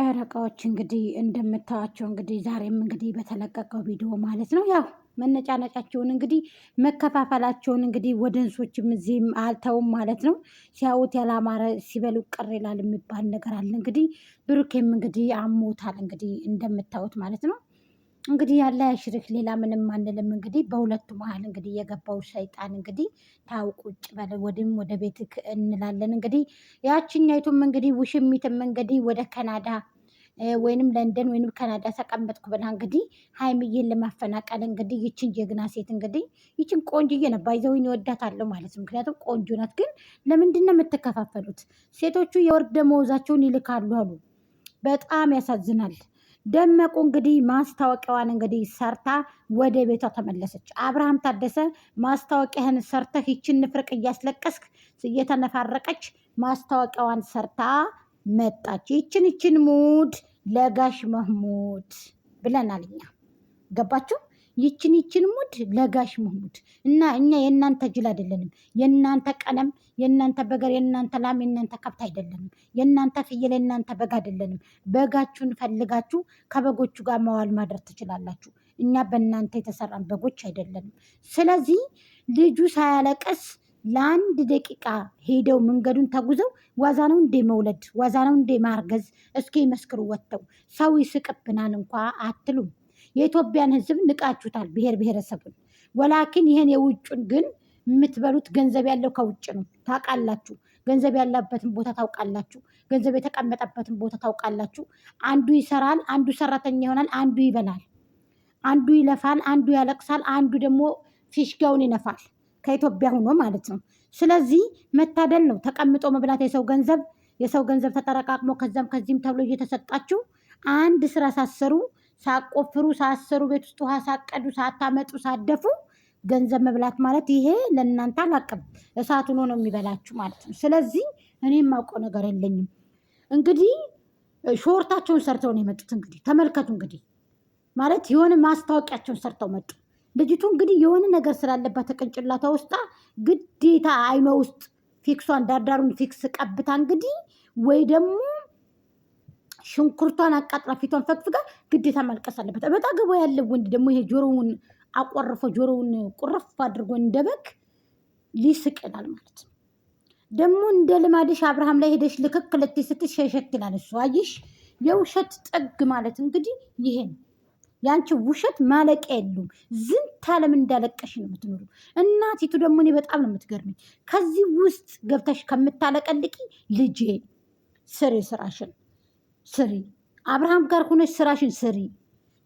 ጨረቃዎች እንግዲህ እንደምታዋቸው እንግዲህ ዛሬም እንግዲህ በተለቀቀው ቪዲዮ ማለት ነው ያው መነጫነጫቸውን እንግዲህ መከፋፈላቸውን እንግዲህ ወደንሶችም እዚህም አልተውም ማለት ነው። ሲያዩት ያላማረ ሲበሉ ቅር ይላል የሚባል ነገር አለ። እንግዲህ ብሩኬም እንግዲህ አሞታል እንግዲህ እንደምታዩት ማለት ነው። እንግዲህ ያለ ያሽርክ ሌላ ምንም አንልም። እንግዲህ በሁለቱ መሀል እንግዲህ የገባው ሰይጣን እንግዲህ ታው ውጭ በል ወድም ወደ ቤት እንላለን። እንግዲህ ያችኛይቱም እንግዲህ ውሽሚትም እንግዲህ ወደ ካናዳ ወይንም ለንደን ወይንም ካናዳ ተቀመጥኩ ብላ እንግዲህ ሀይምዬን ለማፈናቀል እንግዲህ ይችን ጀግና ሴት እንግዲህ ይችን ቆንጆዬ ነው ባይዘው ይወዳታለሁ ማለት ነው። ምክንያቱም ቆንጆ ናት። ግን ለምንድን ነው የምትከፋፈሉት? ሴቶቹ የወር ደመወዛቸውን ይልካሉ አሉ። በጣም ያሳዝናል። ደመቁ እንግዲህ ማስታወቂያዋን እንግዲህ ሰርታ ወደ ቤቷ ተመለሰች። አብርሃም ታደሰ ማስታወቂያህን ሰርተህ ይችን ንፍርቅ እያስለቀስክ እየተነፋረቀች ማስታወቂያዋን ሰርታ መጣች። ይችን ይችን ሙድ ለጋሽ መህሙድ ብለናል እኛ ገባችሁ። ይችን ይችን ሙድ ለጋሽ ሙህሙድ እና እኛ የእናንተ ጅል አይደለንም። የእናንተ ቀለም፣ የእናንተ በገር፣ የእናንተ ላም፣ የእናንተ ከብት አይደለንም። የእናንተ ፍየል፣ የእናንተ በግ አይደለንም። በጋችሁን ፈልጋችሁ ከበጎቹ ጋር መዋል ማድረግ ትችላላችሁ። እኛ በእናንተ የተሰራን በጎች አይደለንም። ስለዚህ ልጁ ሳያለቀስ ለአንድ ደቂቃ ሄደው መንገዱን ተጉዘው ዋዛ ነው እንዴ መውለድ? ዋዛ ነው እንዴ ማርገዝ? እስኪ መስክሩ ወጥተው ሰው ይስቅብናል እንኳ አትሉም። የኢትዮጵያን ህዝብ ንቃችሁታል፣ ብሔር ብሔረሰቡን ወላኪን ይሄን የውጩን ግን የምትበሉት ገንዘብ ያለው ከውጭ ነው። ታውቃላችሁ። ገንዘብ ያለበትን ቦታ ታውቃላችሁ። ገንዘብ የተቀመጠበትን ቦታ ታውቃላችሁ። አንዱ ይሰራል፣ አንዱ ሰራተኛ ይሆናል፣ አንዱ ይበላል፣ አንዱ ይለፋል፣ አንዱ ያለቅሳል፣ አንዱ ደግሞ ፊሽጋውን ይነፋል። ከኢትዮጵያ ሆኖ ማለት ነው። ስለዚህ መታደል ነው ተቀምጦ መብላት የሰው ገንዘብ የሰው ገንዘብ ተጠረቃቅሞ ከዛም ከዚህም ተብሎ እየተሰጣችሁ አንድ ስራ ሳሰሩ ሳቆፍሩ፣ ሳሰሩ፣ ቤት ውስጥ ውሃ ሳቀዱ፣ ሳታመጡ፣ ሳደፉ ገንዘብ መብላት ማለት ይሄ ለእናንተ አላቅም፣ እሳት ሆኖ ነው የሚበላችሁ ማለት ነው። ስለዚህ እኔ የማውቀው ነገር የለኝም። እንግዲህ ሾርታቸውን ሰርተው ነው የመጡት። እንግዲህ ተመልከቱ። እንግዲህ ማለት የሆነ ማስታወቂያቸውን ሰርተው መጡ። ልጅቱ እንግዲህ የሆነ ነገር ስላለባት ተቀንጭላታ ውስጣ ግዴታ አይኗ ውስጥ ፊክሷን ዳርዳሩን ፊክስ ቀብታ እንግዲህ ወይ ደግሞ ሽንኩርቷን አቃጥራ ፊቷን ፈግፍጋ ግዴታ ማልቀስ አለበት። እበጣ ገባ ያለ ወንድ ደግሞ ይሄ ጆሮውን አቆርፎ ጆሮውን ቁርፍ አድርጎ እንደበግ ሊስቅ ማለት ነው። ደግሞ እንደ ልማድሽ አብርሃም ላይ ሄደሽ ልክክ ልትይ ስትሽ ሸሸት ይላል እሱ። አየሽ የውሸት ጥግ ማለት እንግዲህ ይሄ ነው። ያንቺ ውሸት ማለቂያ የሉም። ዝንት ዓለም እንዳለቀሽ ነው የምትኖሩ። እናቲቱ ደግሞ እኔ በጣም ነው የምትገርመኝ። ከዚህ ውስጥ ገብተሽ ከምታለቀልቂ ልጄ ስሬ ስራሽን ስሪ፣ አብርሃም ጋር ሆነች ስራሽን ስሪ።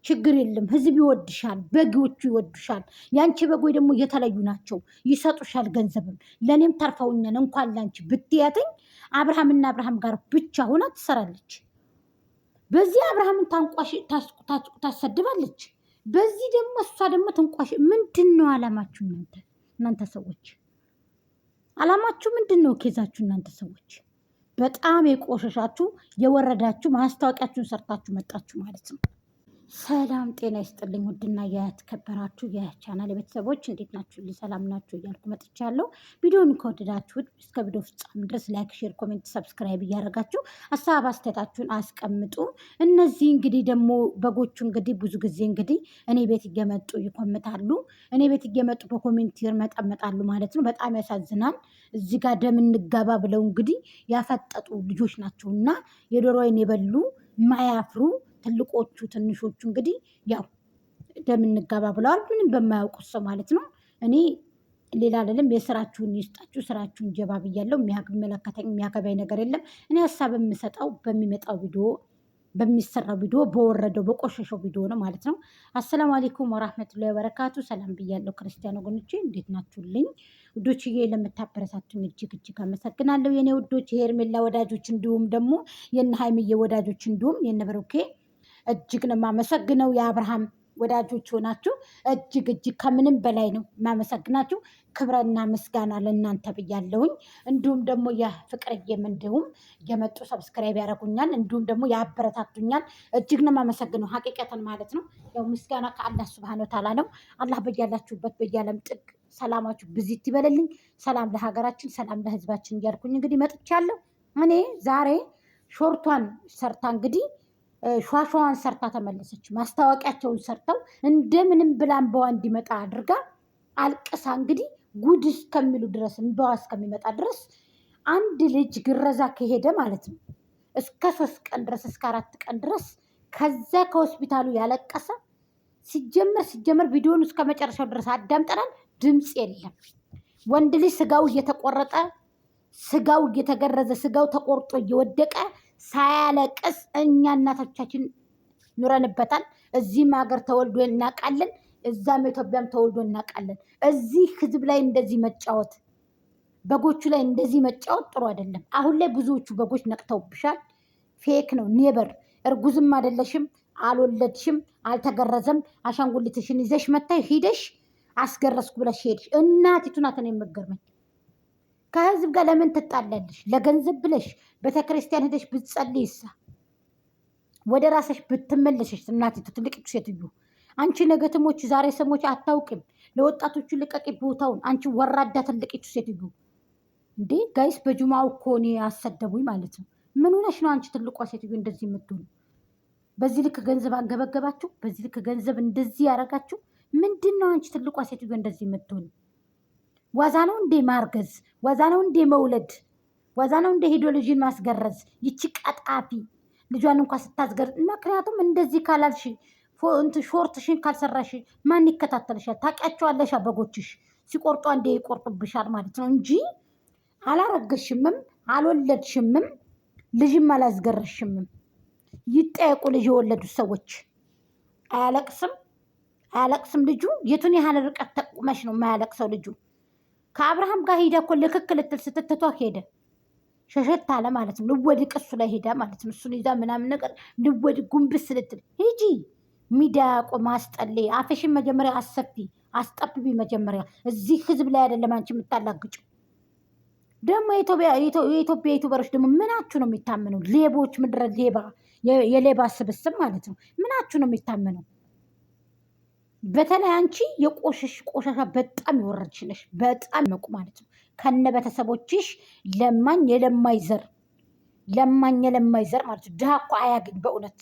ችግር የለም። ህዝብ ይወድሻል፣ በጊዎቹ ይወዱሻል። ያንቺ በጎይ ደግሞ የተለዩ ናቸው፣ ይሰጡሻል ገንዘብም። ለእኔም ተርፈውኛል። እንኳን ላንቺ ብትያትኝ አብርሃምና አብርሃም ጋር ብቻ ሆና ትሰራለች። በዚህ አብርሃምን ታንቋሽ ታሰድባለች፣ በዚህ ደግሞ እሷ ደግሞ ትንቋሽ። ምንድን ነው አላማችሁ እናንተ እናንተ ሰዎች አላማችሁ ምንድን ነው? ኬዛችሁ እናንተ ሰዎች በጣም የቆሸሻችሁ የወረዳችሁ ማስታወቂያችሁን ሰርታችሁ መጣችሁ ማለት ነው። ሰላም ጤና ይስጥልኝ። ውድና የተከበራችሁ የቻናል ቤተሰቦች እንዴት ናችሁ? ሰላም ናችሁ እያልኩ መጥቻለሁ። ቪዲዮን ከወደዳችሁት እስከ ቪዲዮ ፍጻሜ ድረስ ላይክ፣ ሼር፣ ኮሜንት፣ ሰብስክራይብ እያደረጋችሁ ሀሳብ አስተያየታችሁን አስቀምጡ። እነዚህ እንግዲህ ደግሞ በጎቹ እንግዲህ ብዙ ጊዜ እንግዲህ እኔ ቤት እየመጡ ይኮምታሉ። እኔ ቤት እየመጡ በኮሜንት ይርመጠመጣሉ ማለት ነው። በጣም ያሳዝናል። እዚህ ጋር ደም እንጋባ ብለው እንግዲህ ያፈጠጡ ልጆች ናቸው እና ወይን የበሉ ማያፍሩ ትልቆቹ ትንሾቹ እንግዲህ ያው እንደምንጋባ ብለዋል። ምንም በማያውቁት ሰው ማለት ነው። እኔ ሌላ አይደለም። የስራችሁን ይስጣችሁ፣ ስራችሁን ጀባ ብያለሁ። የሚመለከተኝ የሚያገባኝ ነገር የለም። እኔ ሀሳብ የምሰጠው በሚመጣው ቪዲዮ በሚሰራው ቪዲዮ በወረደው በቆሸሸው ቪዲዮ ነው ማለት ነው። አሰላሙ አሌይኩም ወራህመቱላሂ ወበረካቱ። ሰላም ብያለሁ ክርስቲያን ወገኖቼ፣ እንዴት ናችሁልኝ ውዶችዬ? ለምታበረታቱኝ እጅግ እጅግ አመሰግናለሁ የኔ ውዶች፣ የሄርሜላ ወዳጆች፣ እንዲሁም ደግሞ የነ ሀይምዬ ወዳጆች፣ እንዲሁም የነ ብሩኬ እጅግ ነው የማመሰግነው። የአብርሃም ወዳጆች ሆናችሁ እጅግ እጅግ ከምንም በላይ ነው የማመሰግናችሁ። ክብረና ምስጋና ለእናንተ ብያለሁኝ። እንዲሁም ደግሞ የፍቅርዬም እንዲሁም የመጡ ሰብስክራይብ ያደረጉኛል፣ እንዲሁም ደግሞ ያበረታቱኛል። እጅግ ነው የማመሰግነው። ሀቂቀትን ማለት ነው ያው ምስጋና ከአላህ ስብሃነ ወተዓላ ነው። አላህ በያላችሁበት በያለም ጥግ ሰላማችሁ ብዚት ይበልልኝ። ሰላም ለሀገራችን፣ ሰላም ለህዝባችን እያልኩኝ እንግዲህ መጥቻለሁ። እኔ ዛሬ ሾርቷን ሰርታ እንግዲህ ሿሿዋን ሰርታ ተመለሰች። ማስታወቂያቸውን ሰርተው እንደምንም ብላን በዋ እንዲመጣ አድርጋ አልቅሳ እንግዲህ ጉድ እስከሚሉ ድረስ እንበዋ እስከሚመጣ ድረስ አንድ ልጅ ግረዛ ከሄደ ማለት ነው እስከ ሶስት ቀን ድረስ እስከ አራት ቀን ድረስ ከዛ ከሆስፒታሉ ያለቀሰ ሲጀመር ሲጀመር ቪዲዮን እስከ መጨረሻው ድረስ አዳምጠናል። ድምፅ የለም። ወንድ ልጅ ስጋው እየተቆረጠ ስጋው እየተገረዘ ስጋው ተቆርጦ እየወደቀ ሳያለቅስ እኛ እናቶቻችን ኑረንበታል። እዚህም ሀገር ተወልዶ እናውቃለን፣ እዛም ኢትዮጵያም ተወልዶ እናውቃለን። እዚህ ህዝብ ላይ እንደዚህ መጫወት፣ በጎቹ ላይ እንደዚህ መጫወት ጥሩ አይደለም። አሁን ላይ ብዙዎቹ በጎች ነቅተውብሻል። ፌክ ነው። ኔበር እርጉዝም አይደለሽም፣ አልወለድሽም፣ አልተገረዘም። አሻንጉሊትሽን ይዘሽ መታይ ሂደሽ አስገረስኩ ብለሽ ሄድሽ። እናቲቱ ናት ነው ከህዝብ ጋር ለምን ትጣላለሽ? ለገንዘብ ብለሽ ቤተ ክርስቲያን ሄደሽ ብትጸልይሳ ወደ ራስሽ ብትመለሸሽ። እናቲቱ ትልቅ ሴትዮ አንቺ ነገ ትሞች ዛሬ ሰሞች አታውቂም። ለወጣቶቹ ልቀቂ ቦታውን። አንቺ ወራዳ ትልቂቱ ሴትዮ እንዴ! ጋይስ በጁማው እኮ እኔ አሰደቡኝ ማለት ነው። ምን ሆነሽ ነው አንቺ ትልቋ ሴትዮ እንደዚህ የምትሆኑ? በዚህ ልክ ገንዘብ አንገበገባችሁ፣ በዚህ ልክ ገንዘብ እንደዚህ ያደረጋችሁ ምንድን ነው? አንቺ ትልቋ ሴትዮ እንደዚህ የምትሆኑ ወዛ ነው እንዴ ማርገዝ? ወዛ ነው እንዴ መውለድ? ወዛ ነው እንደ ሄዶ ልጅን ማስገረዝ? ይቺ ቀጣፊ ልጇን እንኳ ስታስገርዝ። ምክንያቱም እንደዚህ ካላልሽ ሾርትሽን ካልሰራሽ ማን ይከታተልሻል? ታውቂያቸዋለሽ። በጎችሽ ሲቆርጧ እንደ ይቆርጡብሻል ማለት ነው እንጂ አላረገሽምም፣ አልወለድሽምም፣ ልጅም አላስገረሽምም። ይጠየቁ ልጅ የወለዱ ሰዎች። አያለቅስም አያለቅስም ልጁ። የቱን ያህል ርቀት ተቁመሽ ነው የማያለቅሰው ልጁ? ከአብርሃም ጋር ሄዳ እኮ ልክክ ልትል ስትትቷ ሄደ ሸሸት አለ ማለት ነው። ልወድቅ እሱ ላይ ሄዳ ማለት ነው። እሱን ይዛ ምናምን ነገር ልወድቅ ጉንብስ ልትል ሂጂ። ሚዳቆ አስጠሌ አፈሽን መጀመሪያ አሰፊ አስጠብቢ። መጀመሪያ እዚህ ህዝብ ላይ አይደለም አንቺ የምታላግጩ ደግሞ የኢትዮጵያ ዩቱበሮች ደግሞ ምናችሁ ነው የሚታመነው? ሌቦች ምድረ ሌባ የሌባ ስብስብ ማለት ነው። ምናችሁ ነው የሚታመነው? በተለይ አንቺ የቆሸሽ ቆሻሻ በጣም የወረድሽ ነሽ። በጣም መቁ ማለት ነው። ከነ ቤተሰቦችሽ ለማኝ የለማይ ዘር ለማኝ የለማይ ዘር ማለት ነው። ድሃ እኮ አያገኝ በእውነት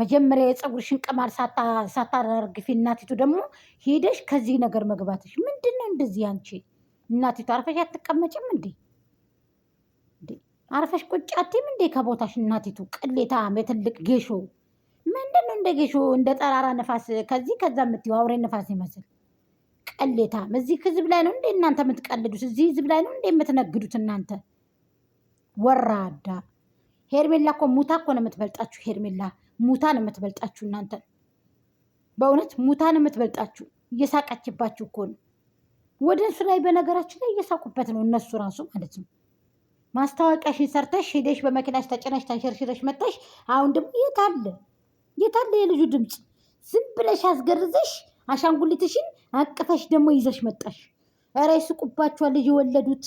መጀመሪያ የፀጉርሽን ቅማል ሳታረግፊ እናቲቱ ደግሞ ሄደሽ ከዚህ ነገር መግባትሽ ምንድን ነው? እንደዚህ አንቺ እናቲቱ አርፈሽ አትቀመጭም እንዴ? አርፈሽ ቁጭ አትይም እንዴ ከቦታሽ? እናቲቱ ቅሌታ የትልቅ ጌሾ ምንድን ነው እንደ ጌሾ እንደ ጠራራ ነፋስ ከዚህ ከዛ የምትይው አውሬ ነፋስ ይመስል ቀሌታም። እዚህ ህዝብ ላይ ነው እንዴ እናንተ የምትቀልዱት? እዚህ ህዝብ ላይ ነው እንዴ የምትነግዱት እናንተ ወራዳ። ሄርሜላ እኮ ሙታ እኮ ነው የምትበልጣችሁ። ሄርሜላ ሙታ ነው የምትበልጣችሁ እናንተ። በእውነት ሙታ ነው የምትበልጣችሁ። እየሳቀችባችሁ እኮ ነው ወደ እሱ ላይ በነገራችን ላይ እየሳቁበት ነው እነሱ ራሱ ማለት ነው። ማስታወቂያሽን ሰርተሽ ሄደሽ በመኪናሽ ተጭነሽ ተንሸርሽረሽ መጣሽ። አሁን ደግሞ የት አለ የታለ የልጁ ድምፅ? ዝም ብለሽ አስገርዘሽ አሻንጉሊትሽን አቅፈሽ ደግሞ ይዘሽ መጣሽ። ኧረ ይስቁባችኋል። ልጅ የወለዱት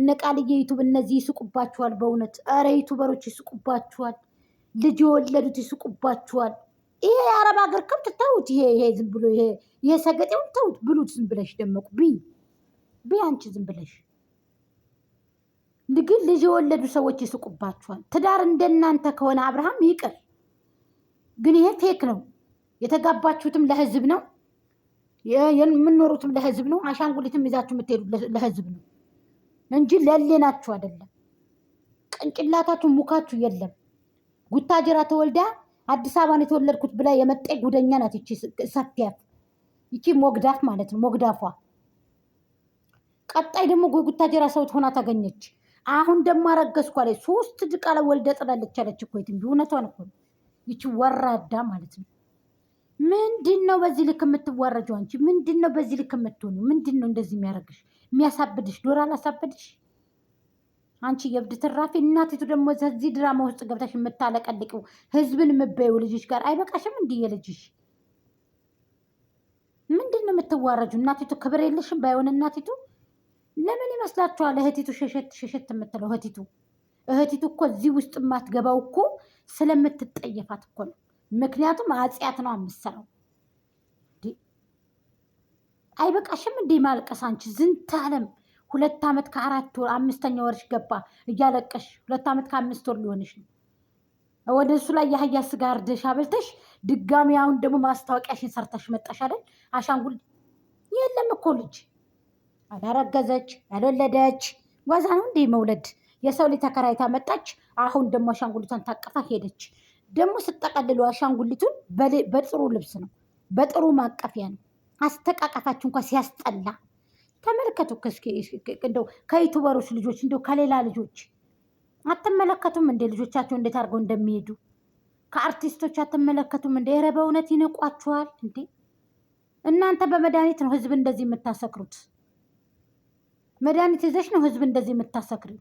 እነ ቃልዬ ዩቱብ እነዚህ ይስቁባችኋል። በእውነት ኧረ ዩቱበሮች ይስቁባችኋል። ልጅ የወለዱት ይስቁባችኋል። ይሄ የአረብ ሀገር ከብት ተውት። ይሄ ይሄ ዝም ብሎ ይሄ ይሄ ሰገጤውን ተውት። ብሉት ዝም ብለሽ ደመቁ ብይ ብይ አንቺ ዝም ብለሽ ግን ልጅ የወለዱ ሰዎች ይስቁባችኋል። ትዳር እንደናንተ ከሆነ አብርሃም ይቅር ግን ይሄ ፌክ ነው። የተጋባችሁትም ለህዝብ ነው፣ የምኖሩትም ለህዝብ ነው፣ አሻንጉሊትም ይዛችሁ የምትሄዱ ለህዝብ ነው እንጂ ለሌናችሁ አይደለም። ቅንጭላታችሁ ሙካችሁ የለም። ጉታጀራ ተወልዳ አዲስ አበባን የተወለድኩት ብላ የመጤ ጉደኛ ናት። ይቺ ሰፊያት፣ ይቺ ሞግዳፍ ማለት ነው። ሞግዳፏ ቀጣይ ደግሞ ጉታጀራ ሰው ሆና ታገኘች። አሁን ደግሞ አረገዝኩ አለች። ሶስት ድቃላ ወልደ ጥላለች አለች እኮ የትንቢ እውነቷን እኮ ነው። ይቺ ወራዳ ማለት ነው። ምንድን ነው በዚህ ልክ የምትዋረጁ አንቺ? ምንድን ነው በዚህ ልክ የምትሆኑ? ምንድን ነው እንደዚህ የሚያደርግሽ የሚያሳብድሽ? ዶር አላሳብድሽ አንቺ የእብድ ትራፊ እናቲቱ ደግሞ እዚህ ድራማ ውስጥ ገብተሽ የምታለቀልቂው ህዝብን የምበየው ልጅሽ ጋር አይበቃሽም? እንዲህ የልጅሽ ምንድን ነው የምትዋረጁ? እናቲቱ ክብር የለሽም ባይሆን እናቲቱ ለምን ይመስላችኋል? እህቲቱ ሸሸት ሸሸት የምትለው እህቲቱ እህቲቱ እኮ እዚህ ውስጥ የማትገባው እኮ ስለምትጠየፋት እኮ ነው። ምክንያቱም አጽያት ነው የምትሰራው። አይበቃሽም እንዴ ማልቀስ? አንቺ ዝንተ አለም ሁለት ዓመት ከአራት ወር አምስተኛ ወርሽ ገባ እያለቀሽ ሁለት ዓመት ከአምስት ወር ሊሆንሽ ነው። ወደ እሱ ላይ የአህያ ስጋ አርደሽ አበልተሽ ድጋሚ አሁን ደግሞ ማስታወቂያሽን ሰርተሽ መጣሽ አይደል? አሻንጉል የለም እኮ ልጅ ያላረገዘች ያልወለደች ዋዛ ነው እንዴ መውለድ? የሰው ልጅ ተከራይታ መጣች። አሁን ደግሞ አሻንጉሊቷን ታቅፋ ሄደች። ደግሞ ስጠቀልሉ አሻንጉሊቱን በጥሩ ልብስ ነው፣ በጥሩ ማቀፊያ ነው። አስተቃቀፋችሁ እንኳ ሲያስጠላ ተመልከቱ። እንደው ከዩቱበሮች ልጆች እንደው ከሌላ ልጆች አትመለከቱም? እንደ ልጆቻቸው እንዴት አድርገው እንደሚሄዱ ከአርቲስቶች አትመለከቱም? እንደ ኧረ በእውነት ይነቋችኋል እንዴ! እናንተ በመድኃኒት ነው ህዝብ እንደዚህ የምታሰክሩት። መድኃኒት ይዘሽ ነው ህዝብ እንደዚህ የምታሰክሪው።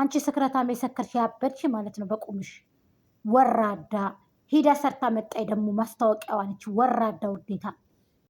አንቺ ስክረታም የሰከርሽ ያበድሽ ማለት ነው በቁምሽ ወራዳ ሂዳ ሰርታ መጣይ ደግሞ ማስታወቂያዋ ነች ወራዳ ውዴታ